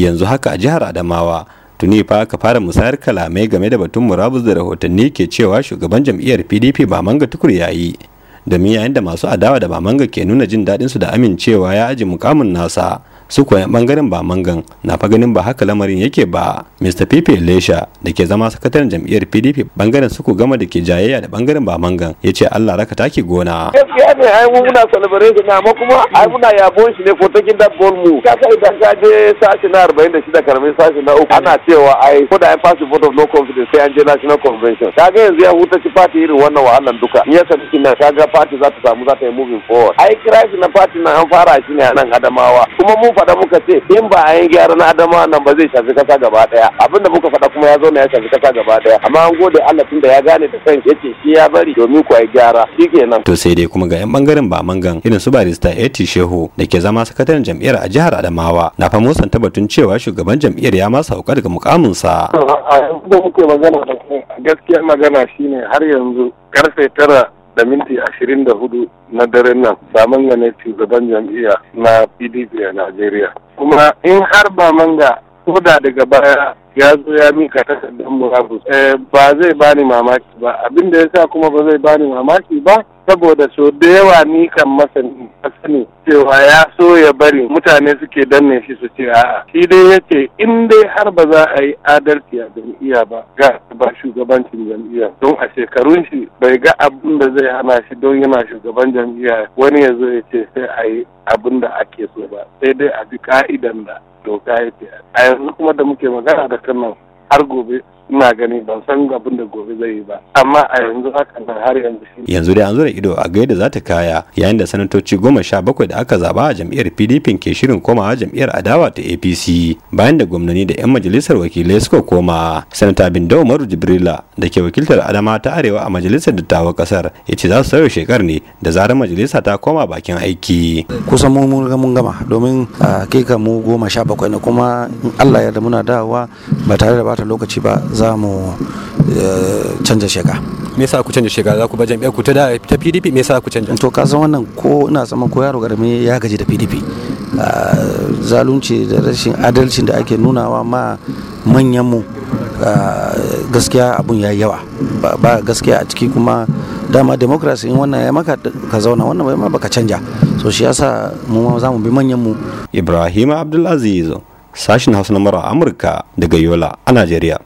yanzu haka a jihar adamawa tuni fa ka fara musayar kalamai game da batun murabus da rahotanni ke cewa shugaban jam'iyyar pdp ba manga tukur yi. domin yayin da masu adawa da ba manga ke nuna jin daɗinsu da amincewa ya aji mukamin nasa su koyan bangaren ba mangan na fa ganin ba haka lamarin yake ba mr pepe lesha da ke zama sakataren jam'iyyar pdp bangaren suku gama da ke jayayya da bangaren ba mangan ya ce allah raka taki gona gaskiya ne ai mu muna celebration amma kuma ai muna yabon shi ne ko ta da bol mu ka kai da ka je sashi na 46 karamin sashi na uku ana cewa ai ko da an fashi vote of no confidence sai an je national convention kaga yanzu ya huta ci party irin wannan wahalan duka in yasa tafi nan kaga party za ta samu za ta yi moving forward ai crisis na party na an fara shi ne a nan adamawa kuma mun faɗa muka ce in ba a yi gyara na adama nan ba zai shafi kasa gaba ɗaya abinda muka faɗa kuma ya zo ne ya shafi kasa gaba ɗaya amma an gode Allah tunda ya gane da kan yace shi ya bari domin ku ai gyara shikenan to sai dai kuma ga yan bangaren ba mangan irin su barista Eti Shehu da ke zama sakataren jam'iyyar a jihar Adamawa na fa musan tabbatun cewa shugaban jam'iyyar ya masa hauka daga sa a yanzu da muke magana da gaskiyar magana shine har yanzu karfe tara da minti ashirin da hudu na daren nan saman ne shugaban jam'iyya na pdp a najeriya kuma in har ba manga ko da daga baya ya zo ya mika takardar murabus eh, ba zai bani mamaki ba abin da ya sa kuma ba zai bani mamaki ba saboda so da yawa ni kan masani sani cewa ya so ya bari mutane suke danne shi su ce a'a shi dai yace in dai har ba za a yi adalci a jam'iyya ba ga ba shugabancin jam'iyya don a shekarun shi bai ga abin da zai hana shi don yana shugaban jam'iyya wani ya zo ya ce sai a yi abin da ake so ba sai dai a bi ka'idan da doka yake a yanzu kuma da muke magana da kan har gobe ina gani ban san abin da gobe zai yi ba amma a yanzu haka nan har yanzu yanzu dai an zura ido a gaida za ta kaya yayin da sanatoci goma sha bakwai da aka zaba a jam'iyyar pdp ke shirin komawa jam'iyyar adawa ta apc bayan da gwamnani da 'yan majalisar wakilai suka koma sanata bindo umaru jibrila da ke wakiltar adama ta arewa a majalisar dattawan kasar ya ce za su sauya shekar ne da zarar majalisa ta koma bakin aiki kusan mun riga mun gama domin a ka mu goma sha bakwai ne kuma in allah ya da muna dawowa ba tare da bata lokaci ba za mu eh, canza shiga me yasa ku canza shiga za ku ba jam'iyyar ku ta da ta PDP me yasa ku canza to ka san wannan ko ina sama ko yaro garme ya gaji da PDP ah, zalunci da rashin adalcin da ake nunawa ma manyan mu ah, gaskiya abun ya yawa ba gaskiya a ciki kuma dama democracy in wannan ya maka ka zauna wannan bai ma baka canja so shi yasa mu ma za mu bi manyan mu Ibrahim Abdulaziz sashin Hausa na Amurka daga Yola a Najeriya